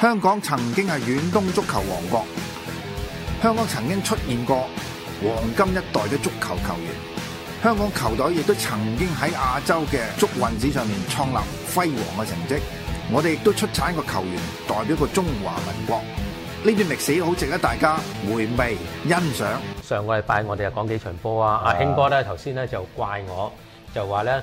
香港曾經係遠東足球王國，香港曾經出現過黃金一代嘅足球球員，香港球隊亦都曾經喺亞洲嘅足運史上面創立輝煌嘅成績。我哋亦都出產一個球員代表個中華民國，呢段歷史好值得大家回味欣賞。上個禮拜我哋又講幾場波啊，阿興、啊、哥咧頭先咧就怪我，就話咧。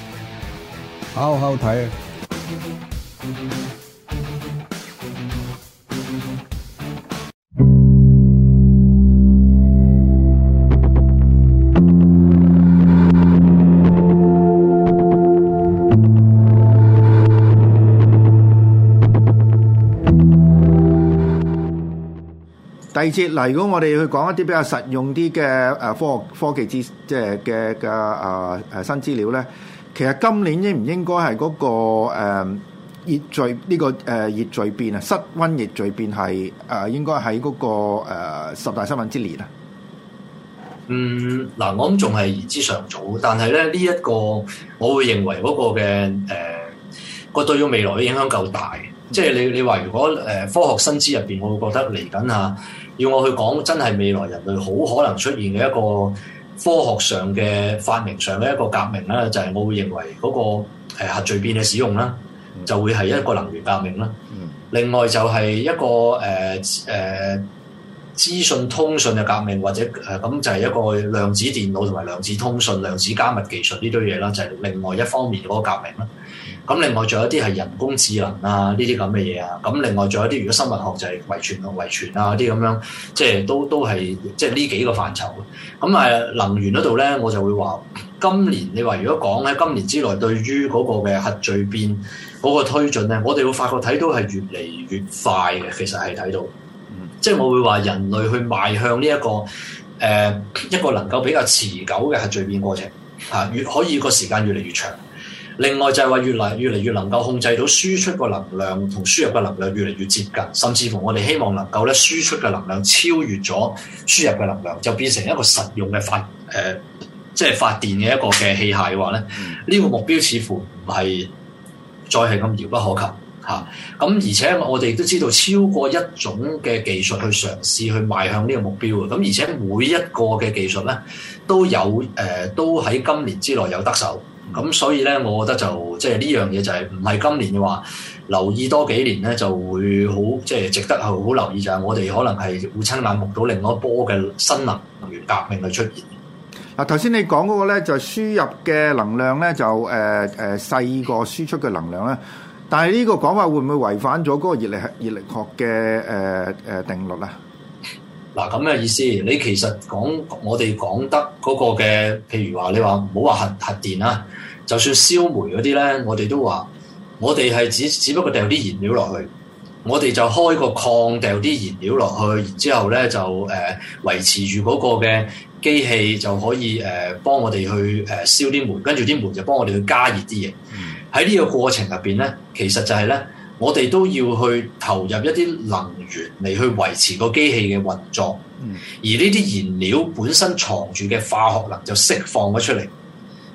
好好睇啊！第二節嚟，如果我哋去講一啲比較實用啲嘅誒科學科技知即係嘅嘅啊誒新資料咧。其實今年應唔應該係嗰個誒熱聚呢個誒熱聚變啊？室溫熱聚變係誒應該喺嗰個誒十大新聞之列啊？嗯，嗱，我諗仲係言之尚早，但係咧呢一個，我會認為嗰個嘅誒、呃、個對於未來嘅影響夠大，即係你你話如果誒、呃、科學新知入邊，我會覺得嚟緊吓要我去講，真係未來人類好可能出現嘅一個。科學上嘅發明上嘅一個革命咧，就係、是、我會認為嗰個核聚變嘅使用啦，就會係一個能源革命啦。另外就係一個誒誒、呃呃、資訊通訊嘅革命，或者誒咁、呃、就係、是、一個量子電腦同埋量子通訊、量子加密技術呢堆嘢啦，就係、是、另外一方面嗰個革命啦。咁另外仲有啲係人工智能啊呢啲咁嘅嘢啊，咁另外仲有啲如果生物學就係遺，遺傳啊遺傳啊啲咁樣，即係都都係即係呢幾個範疇。咁、嗯、誒能源嗰度咧，我就會話今年你話如果講喺今年之內對於嗰個嘅核聚變嗰個推進咧，我哋會發覺睇到係越嚟越快嘅，其實係睇到、嗯，即係我會話人類去邁向呢、這、一個誒、呃、一個能夠比較持久嘅核聚變過程啊，越可以個時間越嚟越長。另外就係話越嚟越嚟越能夠控制到輸出嘅能量同輸入嘅能量越嚟越接近，甚至乎我哋希望能夠咧輸出嘅能量超越咗輸入嘅能量，就變成一個實用嘅發誒、呃，即係發電嘅一個嘅器械嘅話咧，呢、這個目標似乎唔係再係咁遙不可及嚇。咁、啊、而且我哋都知道超過一種嘅技術去嘗試去邁向呢個目標嘅。咁、啊、而且每一個嘅技術咧都有誒、呃，都喺今年之內有得手。咁所以咧，我覺得就即係呢樣嘢就係唔係今年嘅話留意多幾年咧，就會好即係值得去好留意，就係我哋可能係會親眼目睹到另一波嘅新能能源革命嘅出現。嗱、啊，頭先你講嗰個咧就係、是、輸入嘅能量咧就誒誒、呃呃、細過輸出嘅能量咧，但係呢個講法會唔會違反咗嗰個熱力熱力學嘅誒誒定律咧？嗱咁嘅意思，你其實講我哋講得嗰個嘅，譬如話你話唔好話核核電啦，就算燒煤嗰啲咧，我哋都話我哋係只只不過掉啲燃料落去，我哋就開個礦掉啲燃料落去，然之後咧就誒維、呃、持住嗰個嘅機器就可以誒幫、呃、我哋去誒燒啲煤，跟住啲煤就幫我哋去加熱啲嘢。喺呢、嗯、個過程入邊咧，其實就係咧。我哋都要去投入一啲能源嚟去維持個機器嘅運作，嗯、而呢啲燃料本身藏住嘅化學能就釋放咗出嚟。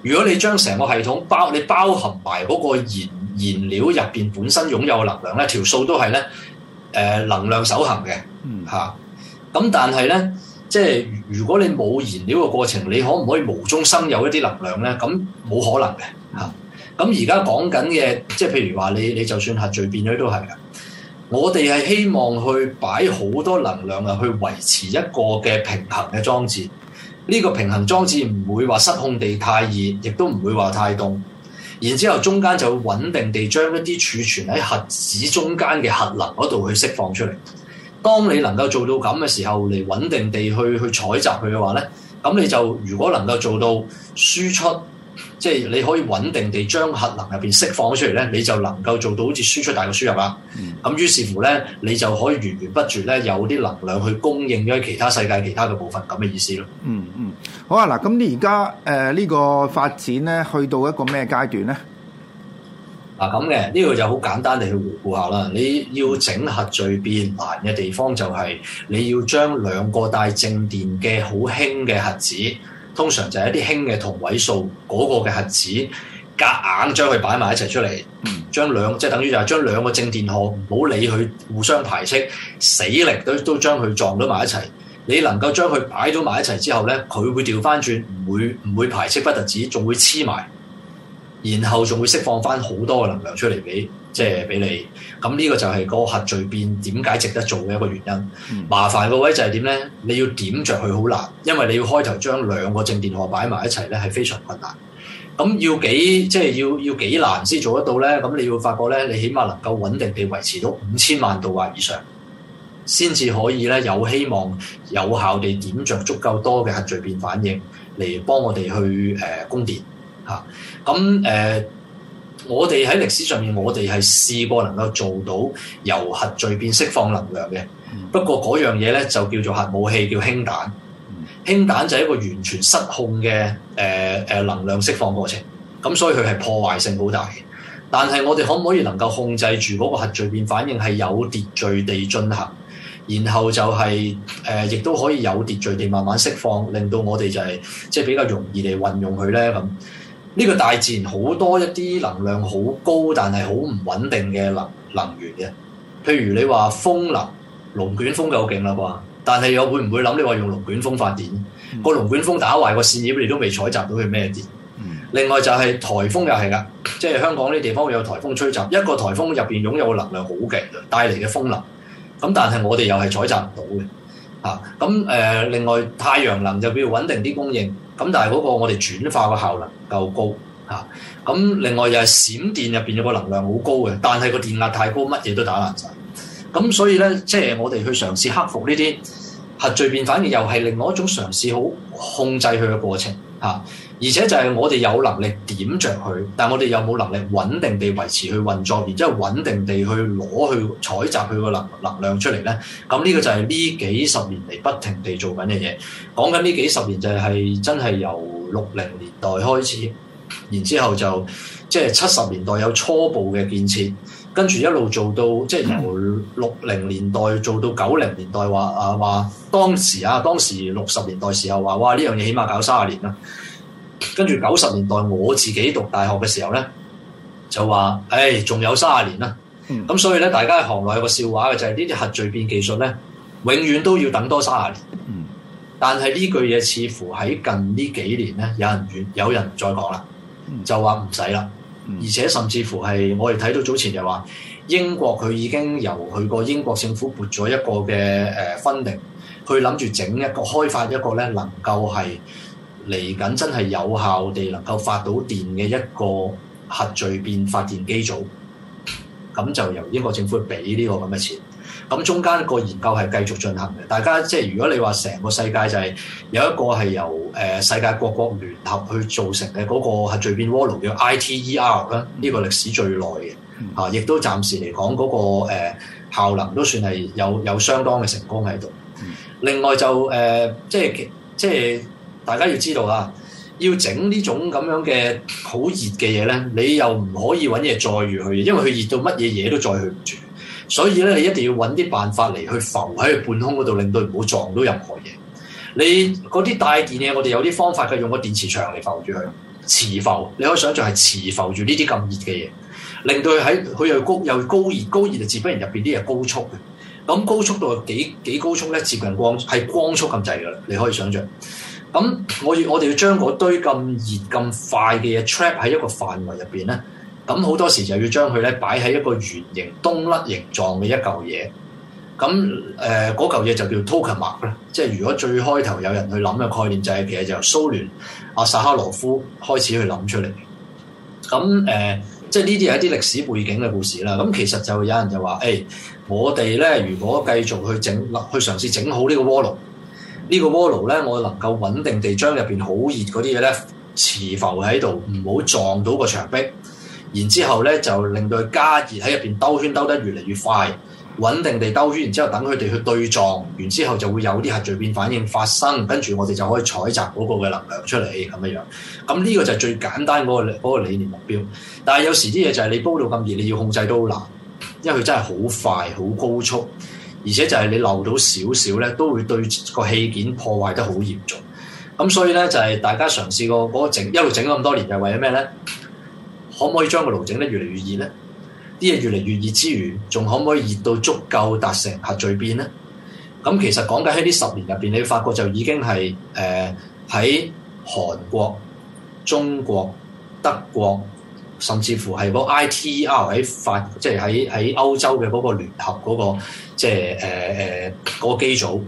如果你將成個系統包，你包含埋嗰個燃燃料入邊本身擁有嘅能量咧，條數都係咧，誒、呃，能量守恆嘅，嗯，吓、啊。咁但係咧，即係如果你冇燃料嘅過程，你可唔可以無中生有一啲能量咧？咁冇可能嘅，吓、啊。咁而家講緊嘅，即係譬如話，你你就算核聚變咗都係㗎。我哋係希望去擺好多能量啊，去維持一個嘅平衡嘅裝置。呢個平衡裝置唔會話失控地太熱，亦都唔會話太凍。然之後中間就會穩定地將一啲儲存喺核子中間嘅核能嗰度去釋放出嚟。當你能夠做到咁嘅時候，嚟穩定地去去採集佢嘅話咧，咁你就如果能夠做到輸出。即係你可以穩定地將核能入邊釋放出嚟咧，你就能夠做到好似輸出大過輸入啦。咁、嗯、於是乎咧，你就可以源源不絕咧有啲能量去供應咗其他世界其他嘅部分咁嘅意思咯。嗯嗯，好啊，嗱，咁你而家誒呢個發展咧，去到一個咩階段咧？嗱咁嘅呢個就好簡單地去回顧下啦。你要整核聚變難嘅地方就係、是、你要將兩個帶正電嘅好輕嘅核子。通常就係一啲輕嘅同位素，嗰個嘅核子夾硬將佢擺埋一齊出嚟，將兩即係等於就係將兩個正電荷唔好理佢互相排斥，死力都都將佢撞到埋一齊。你能夠將佢擺到埋一齊之後咧，佢會調翻轉，唔會唔會排斥不止，不特止仲會黐埋，然後仲會釋放翻好多嘅能量出嚟俾。即係俾你，咁呢個就係嗰個核聚變點解值得做嘅一個原因。嗯、麻煩個位就係點呢？你要點着佢好難，因為你要開頭將兩個正電荷擺埋一齊呢係非常困難。咁要幾即係要要幾難先做得到呢？咁你要發覺呢，你起碼能夠穩定地維持到五千萬度或以上，先至可以呢，有希望有效地點着足夠多嘅核聚變反應嚟幫我哋去誒、呃、供電嚇。咁、啊、誒。我哋喺歷史上面，我哋係試過能夠做到由核聚變釋放能量嘅。不過嗰樣嘢咧就叫做核武器，叫氫彈。氫彈就係一個完全失控嘅誒誒能量釋放過程。咁所以佢係破壞性好大嘅。但係我哋可唔可以能夠控制住嗰個核聚變反應係有秩序地進行，然後就係、是、誒、呃、亦都可以有秩序地慢慢釋放，令到我哋就係、是、即係比較容易嚟運用佢咧咁。呢個大自然好多一啲能量好高，但係好唔穩定嘅能能源嘅，譬如你話風能，龍捲風夠勁啦噃，但係又會唔會諗你話用龍捲風發電？嗯、個龍捲風打壞個扇葉，你都未採集到佢咩電？另外就係颱風又係㗎，即係香港呢地方有颱風吹襲，一個颱風入邊擁有嘅能量好勁，帶嚟嘅風能，咁但係我哋又係採集唔到嘅，嚇咁誒。另外太陽能就比較穩定啲供應。咁但係嗰個我哋轉化個效能夠高吓，咁、啊、另外又係閃電入邊有個能量好高嘅，但係個電壓太高，乜嘢都打爛晒。咁、啊、所以咧，即係我哋去嘗試克服呢啲核聚變反應，又係另外一種嘗試，好控制佢嘅過程。嚇！而且就係我哋有能力點着佢，但係我哋有冇能力穩定地維持佢運作，然之後穩定地去攞去採集佢個能能量出嚟咧？咁呢個就係呢幾十年嚟不停地做緊嘅嘢。講緊呢幾十年就係真係由六零年代開始，然之後就即係七十年代有初步嘅建設。跟住一路做到，即係由六零年代做到九零年代，話啊話，當時啊，當時六十年代時候話，哇，呢樣嘢起碼搞三十年啦。跟住九十年代我自己讀大學嘅時候咧，就話，誒、哎、仲有三十年啦。咁、嗯、所以咧，大家行內有個笑話嘅就係呢啲核聚變技術咧，永遠都要等多三十年。嗯。但係呢句嘢似乎喺近呢幾年咧，有人遠有人唔再講啦，就話唔使啦。而且甚至乎係我哋睇到早前就話英國佢已經由佢個英國政府撥咗一個嘅誒 funding，佢諗住整一個開發一個咧能夠係嚟緊真係有效地能夠發到電嘅一個核聚變發電機組，咁就由英國政府俾呢個咁嘅錢。咁中間一個研究係繼續進行嘅，大家即係如果你話成個世界就係有一個係由誒、呃、世界各國聯合去造成嘅嗰、那個核聚變鍋爐叫 ITER 啦，呢個歷史最耐嘅嚇，亦、啊、都暫時嚟講嗰個、呃、效能都算係有有相當嘅成功喺度。嗯、另外就誒、呃、即係即係大家要知道啊，要整呢種咁樣嘅好熱嘅嘢咧，你又唔可以揾嘢載住佢，因為佢熱到乜嘢嘢都載佢唔住。所以咧，你一定要揾啲辦法嚟去浮喺佢半空嗰度，令到佢唔好撞到任何嘢。你嗰啲帶電嘢，我哋有啲方法佢用個電磁場嚟浮住佢，磁浮。你可以想象係磁浮住呢啲咁熱嘅嘢，令到佢喺佢又高又高熱，高熱就自然入邊啲嘢高速嘅。咁高速度有幾幾高速咧？接近光係光速咁滯㗎喇。你可以想象。咁我要我哋要將嗰堆咁熱咁快嘅嘢 trap 喺一個範圍入邊咧。咁好多時就要將佢咧擺喺一個圓形、冬甩形狀嘅一嚿嘢。咁誒嗰嚿嘢就叫 Tokamak 啦。即係如果最開頭有人去諗嘅概念就係、是，其實就由蘇聯阿薩哈羅夫開始去諗出嚟。咁誒、呃，即係呢啲係一啲歷史背景嘅故事啦。咁其實就有人就話：誒、欸，我哋咧如果繼續去整，去嘗試整好個、這個、呢個鍋爐，呢個鍋爐咧，我能夠穩定地將入邊好熱嗰啲嘢咧，磁浮喺度，唔好撞到個牆壁。然之後咧，就令到佢加熱喺入邊兜圈兜得越嚟越快，穩定地兜圈。然之後等佢哋去對撞，然之後就會有啲核聚變反應發生。跟住我哋就可以採集嗰個嘅能量出嚟咁嘅樣。咁呢個就係最簡單嗰個理念目標。但係有時啲嘢就係你煲到咁熱，你要控制都好難，因為佢真係好快、好高速，而且就係你漏到少少咧，都會對個器件破壞得好嚴重。咁所以咧，就係大家嘗試過嗰個整一路整咁多年，就係為咗咩咧？可唔可以將個爐整得越嚟越熱咧？啲嘢越嚟越熱之餘，仲可唔可以熱到足夠達成核聚變咧？咁其實講緊喺呢十年入邊，你發覺就已經係誒喺韓國、中國、德國，甚至乎係嗰個 ITER 喺法，即係喺喺歐洲嘅嗰個聯合嗰個，即係誒誒嗰機組、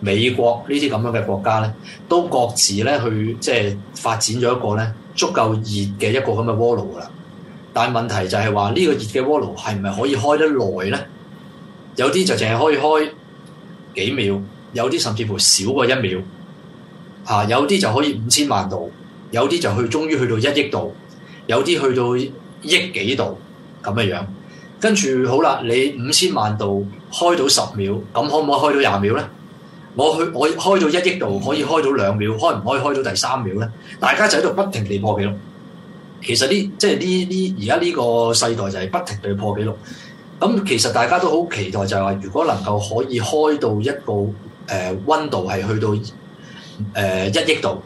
美國呢啲咁樣嘅國家咧，都各自咧去即係、就是、發展咗一個咧。足夠熱嘅一個咁嘅鍋爐啦，但係問題就係話呢個熱嘅鍋爐係唔係可以開得耐呢？有啲就淨係可以開幾秒，有啲甚至乎少過一秒，嚇、啊、有啲就可以五千萬度，有啲就去終於去到一億度，有啲去到億幾度咁嘅樣。跟住好啦，你五千萬度開到十秒，咁可唔可以開到廿秒呢？我去我開到一億度，可以開到兩秒，開唔可以開到第三秒呢？大家就喺度不停地破紀錄。其實呢，即係呢呢而家呢個世代就係不停地破紀錄。咁、嗯、其實大家都好期待就係話，如果能夠可以開到一個誒温、呃、度係去到誒一、呃、億度，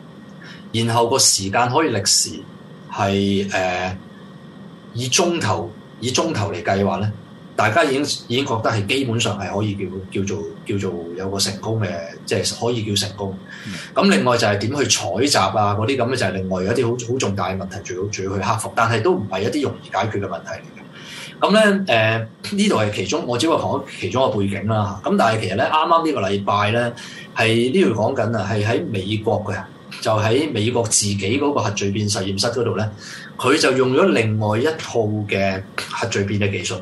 然後個時間可以歷時係誒、呃、以鐘頭以鐘頭嚟計嘅話呢。大家已經已經覺得係基本上係可以叫叫做叫做有個成功嘅，即係可以叫成功。咁，嗯，另外就係點去採集啊嗰啲咁咧，就係另外有一啲好好重大嘅問題，仲要仲要去克服。但係都唔係一啲容易解決嘅問題嚟嘅。咁咧誒，呢度係其中我只不過講其中嘅背景啦。咁，嗯，但係其實咧，啱啱呢個禮拜咧係呢度講緊啊，係喺美國嘅。就喺美國自己嗰個核聚變實驗室嗰度咧，佢就用咗另外一套嘅核聚變嘅技術，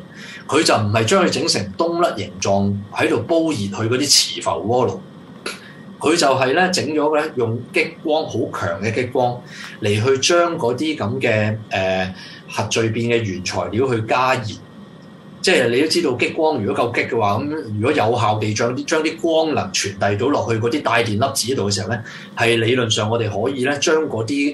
佢就唔係將佢整成冬甩形狀喺度煲熱佢嗰啲磁浮鍋爐，佢就係咧，整咗咧，用激光，好強嘅激光嚟去將嗰啲咁嘅誒核聚變嘅原材料去加熱。即係你都知道激光，如果夠激嘅話，咁、嗯、如果有效地將啲將啲光能傳遞到落去嗰啲帶電粒子度嘅時候咧，係理論上我哋可以咧將嗰啲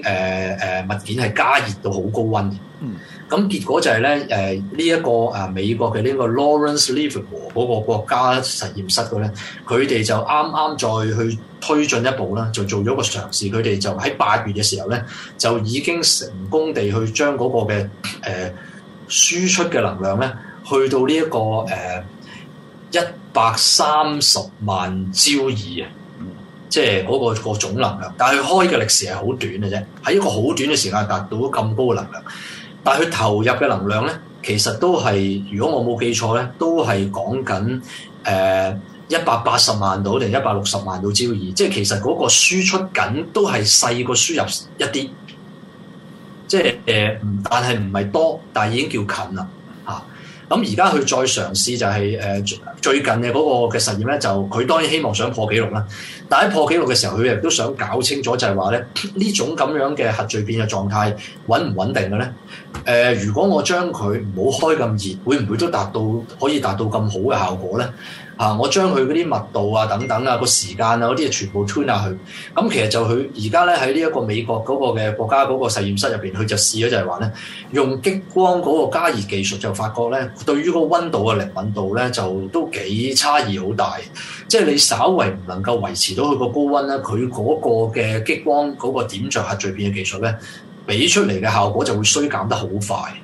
誒誒物件係加熱到好高溫。咁、嗯、結果就係咧誒呢一個啊美國嘅呢個 Lawrence Livermore 嗰個國家實驗室嘅咧，佢哋就啱啱再去推進一步啦，就做咗個嘗試。佢哋就喺八月嘅時候咧，就已經成功地去將嗰、那個嘅誒、呃、輸出嘅能量咧。去到呢、這、一個誒一百三十萬焦耳、嗯，啊、就是那個，即係嗰個個總能量。但係佢開嘅歷時係好短嘅啫，喺一個好短嘅時間達到咁高嘅能量。但係佢投入嘅能量咧，其實都係如果我冇記錯咧，都係講緊誒一百八十萬到定一百六十萬到焦耳。即係其實嗰個輸出緊都係細過輸入一啲，即係誒，但係唔係多，但係已經叫近啦。咁而家佢再嘗試就係、是、誒、呃、最近嘅嗰個嘅實驗咧，就佢當然希望想破紀錄啦。但係破紀錄嘅時候，佢亦都想搞清楚就係話咧，呢種咁樣嘅核聚變嘅狀態穩唔穩定嘅咧？誒、呃，如果我將佢唔好開咁熱，會唔會都達到可以達到咁好嘅效果咧？啊！我將佢嗰啲密度啊、等等啊、個時間啊嗰啲啊，全部吞下去。咁、嗯、其實就佢而家咧喺呢一個美國嗰個嘅國家嗰個實驗室入邊，佢就試咗就係話咧，用激光嗰個加熱技術就發覺咧，對於嗰個溫度嘅靈敏度咧，就都幾差異好大。即係你稍為唔能夠維持到佢個高溫咧，佢嗰個嘅激光嗰個點著核聚變嘅技術咧，俾出嚟嘅效果就會衰減得好快。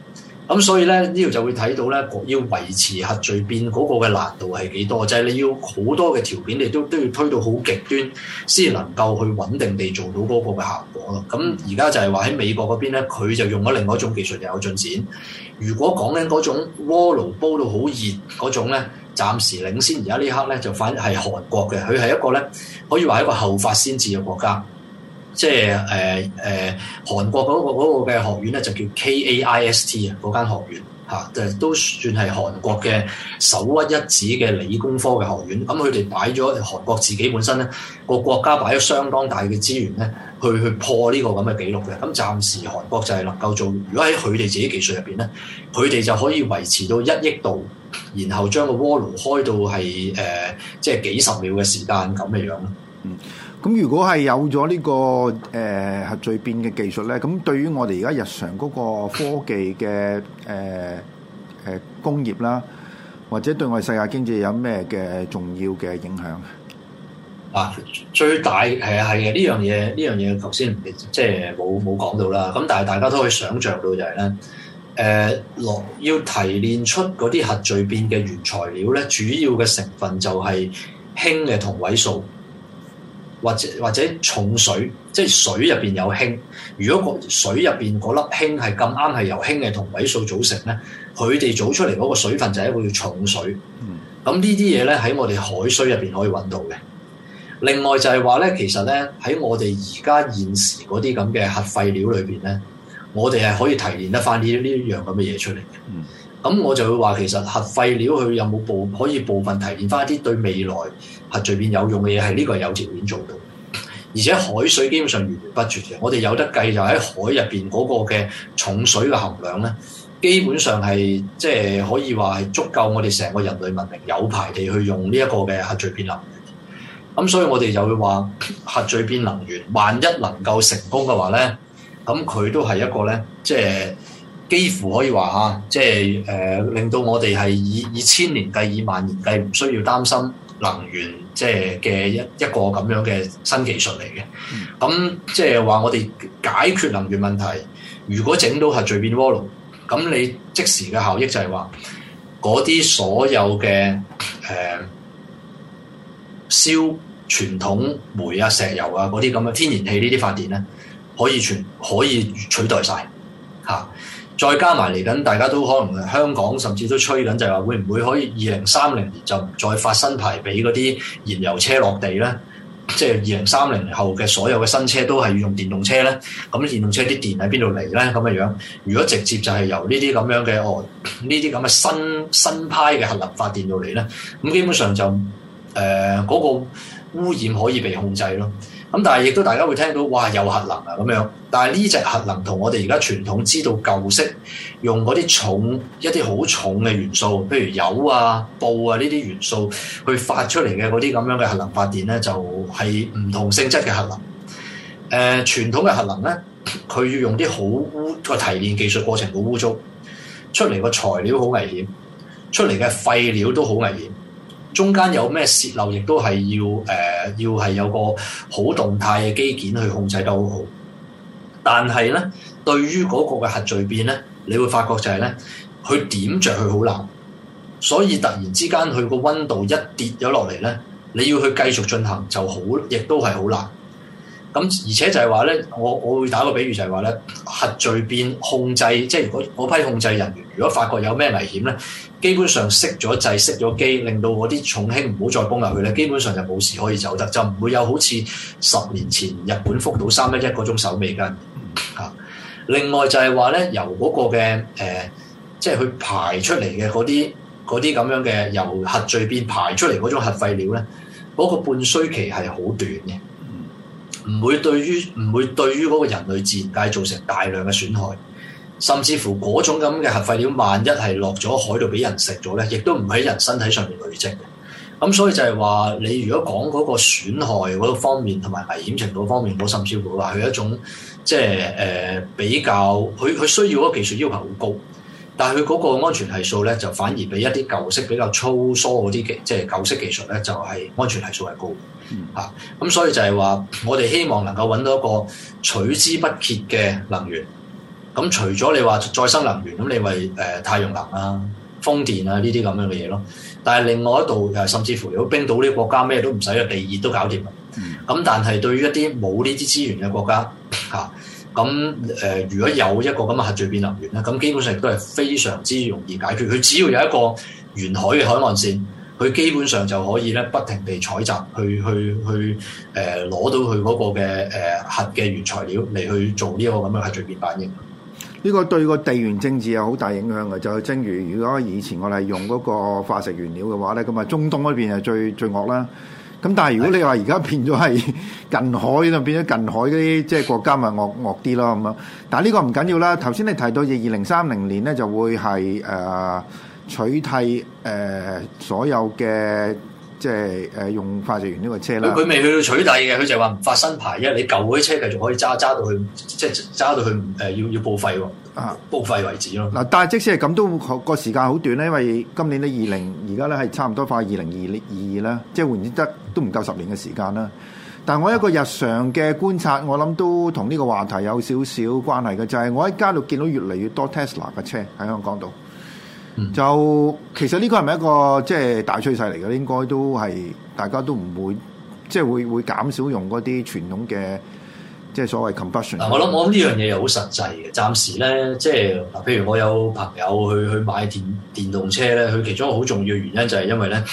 咁所以咧，呢度就會睇到咧，要維持核聚變嗰個嘅難度係幾多？就係你要好多嘅條件，你都都要推到好極端，先能夠去穩定地做到嗰個嘅效果咯。咁而家就係話喺美國嗰邊咧，佢就用咗另外一種技術又有進展。如果講緊嗰種鍋爐煲到好熱嗰種咧，暫時領先。而家呢刻咧就反而係韓國嘅，佢係一個咧可以話係一個後發先至嘅國家。即係誒誒韓國嗰個嗰個嘅學院咧，就叫 K A I S T 啊，嗰間學院嚇、啊，都算係韓國嘅首屈一指嘅理工科嘅學院。咁佢哋擺咗韓國自己本身咧、個國家擺咗相當大嘅資源咧，去去破呢個咁嘅紀錄嘅。咁、嗯、暫時韓國就係能夠做，如果喺佢哋自己技術入邊咧，佢哋就可以維持到一億度，然後將個鍋爐開到係誒、呃、即係幾十秒嘅時間咁嘅樣咯。嗯。咁如果係有咗呢、這個誒、呃、核聚變嘅技術咧，咁對於我哋而家日常嗰個科技嘅誒誒工業啦，或者對我哋世界經濟有咩嘅重要嘅影響？嗱、啊，最大係啊係嘅呢樣嘢，呢樣嘢頭先即係冇冇講到啦。咁但係大家都可以想像到就係、是、咧，誒、呃、落要提煉出嗰啲核聚變嘅原材料咧，主要嘅成分就係氫嘅同位素。或者或者重水，即係水入邊有氫。如果個水入邊嗰粒氫係咁啱係由氫嘅同位素組成咧，佢哋組出嚟嗰個水分就係一個叫重水。咁呢啲嘢咧喺我哋海水入邊可以揾到嘅。另外就係話咧，其實咧喺我哋而家現時嗰啲咁嘅核廢料裏邊咧，我哋係可以提煉得翻呢呢樣咁嘅嘢出嚟嘅。嗯咁我就會話其實核廢料佢有冇部可以部分提煉翻一啲對未來核聚變有用嘅嘢，係、這、呢個係有條件做到。而且海水基本上源源不絕嘅，我哋有得計就喺海入邊嗰個嘅重水嘅含量咧，基本上係即係可以話係足夠我哋成個人類文明有排地去用呢一個嘅核聚變能源。咁所以我哋就會話核聚變能源，萬一能夠成功嘅話咧，咁佢都係一個咧，即係。幾乎可以話嚇，即係誒、呃，令到我哋係以以千年計、以萬年計，唔需要擔心能源即係嘅一一個咁樣嘅新技術嚟嘅。咁、嗯、即係話我哋解決能源問題，如果整到係核聚變鍋爐，咁你即時嘅效益就係話，嗰啲所有嘅誒、呃、燒傳統煤啊、石油啊嗰啲咁嘅天然氣呢啲發電咧，可以全可以取代晒。嚇、啊。再加埋嚟緊，大家都可能香港甚至都吹緊，就係話會唔會可以二零三零年就唔再發新牌俾嗰啲燃油車落地呢？即係二零三零後嘅所有嘅新車都係要用電動車呢？咁、嗯、電動車啲電喺邊度嚟呢？咁嘅樣，如果直接就係由呢啲咁樣嘅哦，呢啲咁嘅新新派嘅核能發電度嚟呢？咁、嗯、基本上就誒嗰、呃那個污染可以被控制咯。咁但係亦都大家會聽到，哇！有核能啊，咁樣。但係呢隻核能同我哋而家傳統知道舊式用嗰啲重一啲好重嘅元素，譬如鈾啊、鈈啊呢啲元素去發出嚟嘅嗰啲咁樣嘅核能發電咧，就係、是，唔同性質嘅核能。誒、呃，傳統嘅核能咧，佢要用啲好污，個提煉技術過程好污糟，出嚟個材料好危險，出嚟嘅廢料都好危險。中間有咩洩漏，亦都係要誒、呃、要係有個好動態嘅機件去控制得好好。但係咧，對於嗰個嘅核聚變咧，你會發覺就係咧，佢點着，佢好難，所以突然之間佢個溫度一跌咗落嚟咧，你要去繼續進行就好，亦都係好難。咁而且就係話咧，我我會打個比喻就係話咧，核聚變控制，即係嗰嗰批控制人員，如果發覺有咩危險咧，基本上熄咗掣、熄咗機，令到嗰啲重氫唔好再攻入去咧，基本上就冇事可以走得，就唔會有好似十年前日本福島三一一嗰種手尾根嚇。另外就係話咧，由嗰個嘅誒、呃，即係佢排出嚟嘅嗰啲嗰啲咁樣嘅由核聚變排出嚟嗰種核廢料咧，嗰、嗰個半衰期係好短嘅。唔會對於唔會對於嗰個人類自然界造成大量嘅損害，甚至乎嗰種咁嘅核廢料，萬一係落咗海度俾人食咗咧，亦都唔喺人身體上面累積。咁、嗯、所以就係話，你如果講嗰個損害嗰方面同埋危險程度方面，我甚至乎話佢一種即係誒、呃、比較，佢佢需要嗰技術要求好高，但係佢嗰個安全係數咧就反而比一啲舊式比較粗疏嗰啲技即係舊式技術咧就係、是、安全係數係高。吓咁、嗯啊、所以就係話，我哋希望能夠揾到一個取之不竭嘅能源。咁除咗你話再生能源，咁你為誒、呃、太陽能啊、風電啊呢啲咁樣嘅嘢咯。但係另外一度誒，甚至乎如果冰島呢個國家咩都唔使、嗯、啊，地熱都搞掂啦。咁但係對於一啲冇呢啲資源嘅國家吓，咁、啊、誒、啊呃、如果有一個咁嘅核聚變能源咧，咁基本上亦都係非常之容易解決。佢只要有一個沿海嘅海岸線。佢基本上就可以咧不停地採集，去去去誒攞、呃、到佢嗰個嘅誒、呃、核嘅原材料嚟去做呢個咁樣嘅核聚變反應。呢 個對個地緣政治有好大影響嘅，就正如如果以前我哋用嗰個化石原料嘅話咧，咁啊中東嗰邊係最 最，最惡啦。咁但係如果你話而家變咗係近海，咁變咗近海嗰啲即係國家咪惡惡啲咯咁啊？但係呢個唔緊要啦。頭先你提到二零三零年咧就會係誒。呃取替誒、呃、所有嘅即係誒、呃、用化石燃料呢個車啦，佢未去到取替嘅，佢就話唔發新牌，因為你舊嗰啲車繼續可以揸揸到佢，即係揸到佢誒、呃、要要報廢喎，啊報廢為止咯。嗱、啊，但係即使係咁都個時間好短咧，因為今年咧二零而家咧係差唔多快二零二二啦，即係換言之得都唔夠十年嘅時間啦。但係我一個日常嘅觀察，我諗都同呢個話題有少少關係嘅，就係、是、我喺街度見到越嚟越多 Tesla 嘅車喺香港度。嗯、就其實呢個係咪一個即係大趨勢嚟嘅？應該都係大家都唔會即係會會減少用嗰啲傳統嘅即係所謂 combustion。我諗我諗呢樣嘢又好實際嘅。暫時咧，即係嗱，譬如我有朋友去去買電電動車咧，佢其中一個好重要嘅原因就係因為咧，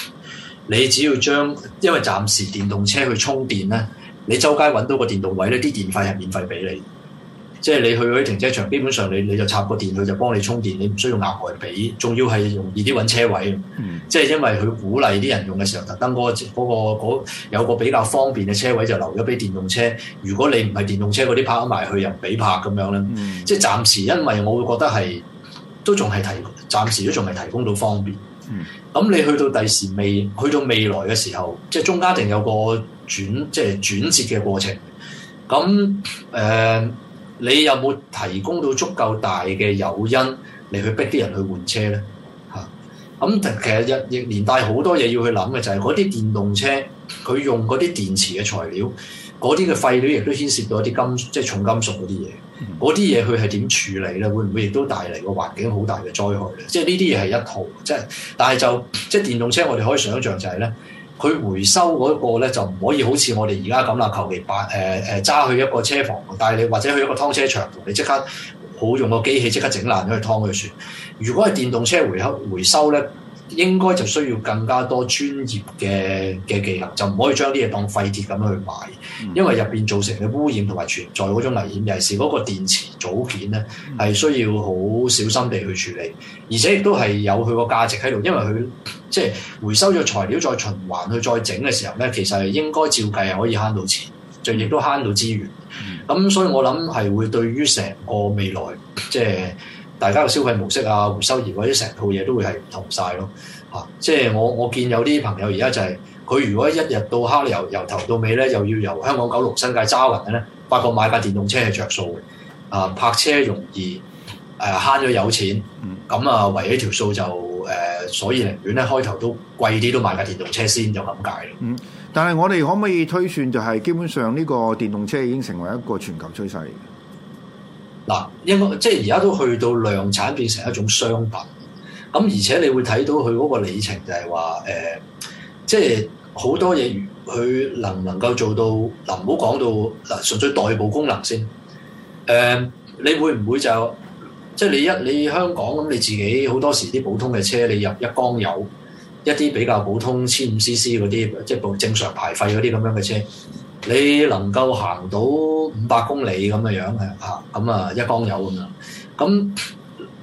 你只要將因為暫時電動車去充電咧，你周街揾到個電動位咧，啲電費係免費俾你。即係你去嗰啲停車場，基本上你你就插個電，佢就幫你充電，你唔需要額外俾。仲要係容易啲揾車位，嗯、即係因為佢鼓勵啲人用嘅時候，特登嗰、嗰個嗰個嗰個有個比較方便嘅車位就留咗俾電動車。如果你唔係電動車，嗰啲泊埋去又唔俾泊，咁樣咧。即係暫時，因為我會覺得係都仲係提，暫時都仲未提供到方便。咁、嗯、你去到第時未，去到未來嘅時候，即係中間一定有個轉即係轉折嘅過程。咁誒？呃你有冇提供到足夠大嘅誘因，嚟去逼啲人去換車呢？嚇、嗯！咁其實日亦連帶好多嘢要去諗嘅、就係，就係嗰啲電動車佢用嗰啲電池嘅材料，嗰啲嘅廢料亦都牽涉到一啲金，即係重金屬嗰啲嘢。嗰啲嘢佢係點處理呢？會唔會亦都帶嚟個環境好大嘅災害呢？即係呢啲嘢係一套，即係但係就即係電動車，我哋可以想像就係呢。佢回收嗰個咧就唔可以好似我哋而家咁啦，求其把誒誒揸去一個車房，帶你或者去一個拖車場，你即刻好用個機器即刻整爛咗去拖佢算。如果係電動車回收回收咧，應該就需要更加多專業嘅嘅技能，就唔可以將啲嘢當廢鐵咁樣去買，因為入邊造成嘅污染同埋存在嗰種危險，尤其係嗰個電池組件，咧係需要好小心地去處理，而且亦都係有佢個價值喺度，因為佢即係回收咗材料再循環去再整嘅時候咧，其實係應該照計係可以慳到錢，就亦都慳到資源。咁、嗯、所以我諗係會對於成個未來即係。大家嘅消費模式啊、胡修而或者成套嘢都會係唔同晒咯，啊！即係我我見有啲朋友而家就係、是、佢如果一日到黑由由頭到尾咧，又要由香港九龍新界揸勻嘅咧，發覺買架電動車係着數嘅啊！泊車容易，誒慳咗有錢，咁啊，唯一條數就誒、呃，所以寧願咧開頭都貴啲都買架電動車先，就咁解咯。嗯，但係我哋可唔可以推算，就係基本上呢個電動車已經成為一個全球趨勢。嗱，應該即係而家都去到量產變成一種商品，咁而且你會睇到佢嗰個里程就係話誒，即係好多嘢佢能唔能夠做到？嗱、呃，唔好講到嗱，純粹代步功能先。誒、呃，你會唔會就即係你一你香港咁你自己好多時啲普通嘅車，你入一缸油，一啲比較普通千五 CC 嗰啲，即係正常排廢嗰啲咁樣嘅車，你能夠行到五百公里咁嘅樣嘅啊？咁啊，一缸油咁樣。咁，誒、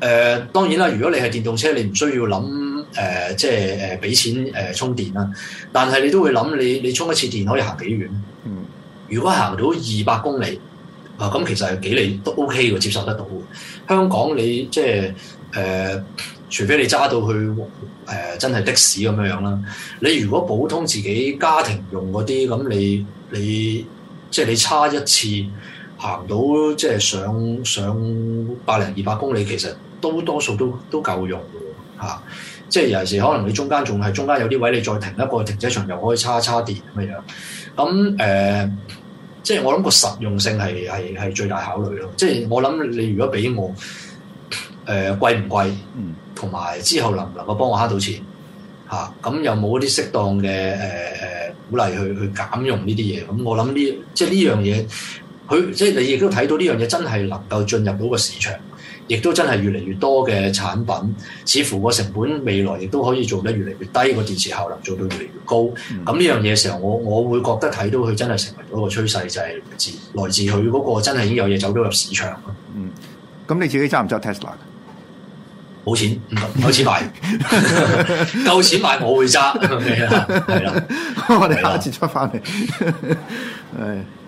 呃、當然啦，如果你係電動車，你唔需要諗誒、呃，即係誒俾錢誒充電啦。但係你都會諗，你你充一次電可以行幾遠？嗯，如果行到二百公里啊，咁其實幾你都 OK 嘅，接受得到。香港你即係誒、呃，除非你揸到去誒、呃，真係的士咁樣樣啦。你如果普通自己家庭用嗰啲，咁你你即係你差一次。行到即係上上百零二百公里，其實都多數都都夠用嘅喎、啊，即係有時可能你中間仲係中間有啲位，你再停一個停車場又可以叉叉電咁樣。咁、嗯、誒、呃，即係我諗個實用性係係係最大考慮咯。即係我諗你如果俾我誒貴唔貴，同、呃、埋之後能唔能夠幫我慳到錢嚇？咁、啊嗯、又冇啲適當嘅誒誒鼓勵去去減用呢啲嘢？咁、嗯、我諗呢即係呢樣嘢。佢即係你亦都睇到呢樣嘢真係能夠進入到個市場，亦都真係越嚟越多嘅產品，似乎個成本未來亦都可以做得越嚟越低，個電池效能做到越嚟越高。咁呢、嗯、樣嘢嘅時候，我我會覺得睇到佢真係成為咗一個趨勢，就係來自來自佢嗰個真係已經有嘢走咗入市場咯。嗯，咁你自己揸唔揸 Tesla？冇錢，冇錢買，夠 錢買我會揸。係、okay? 啦， 我哋下次出翻嚟。係。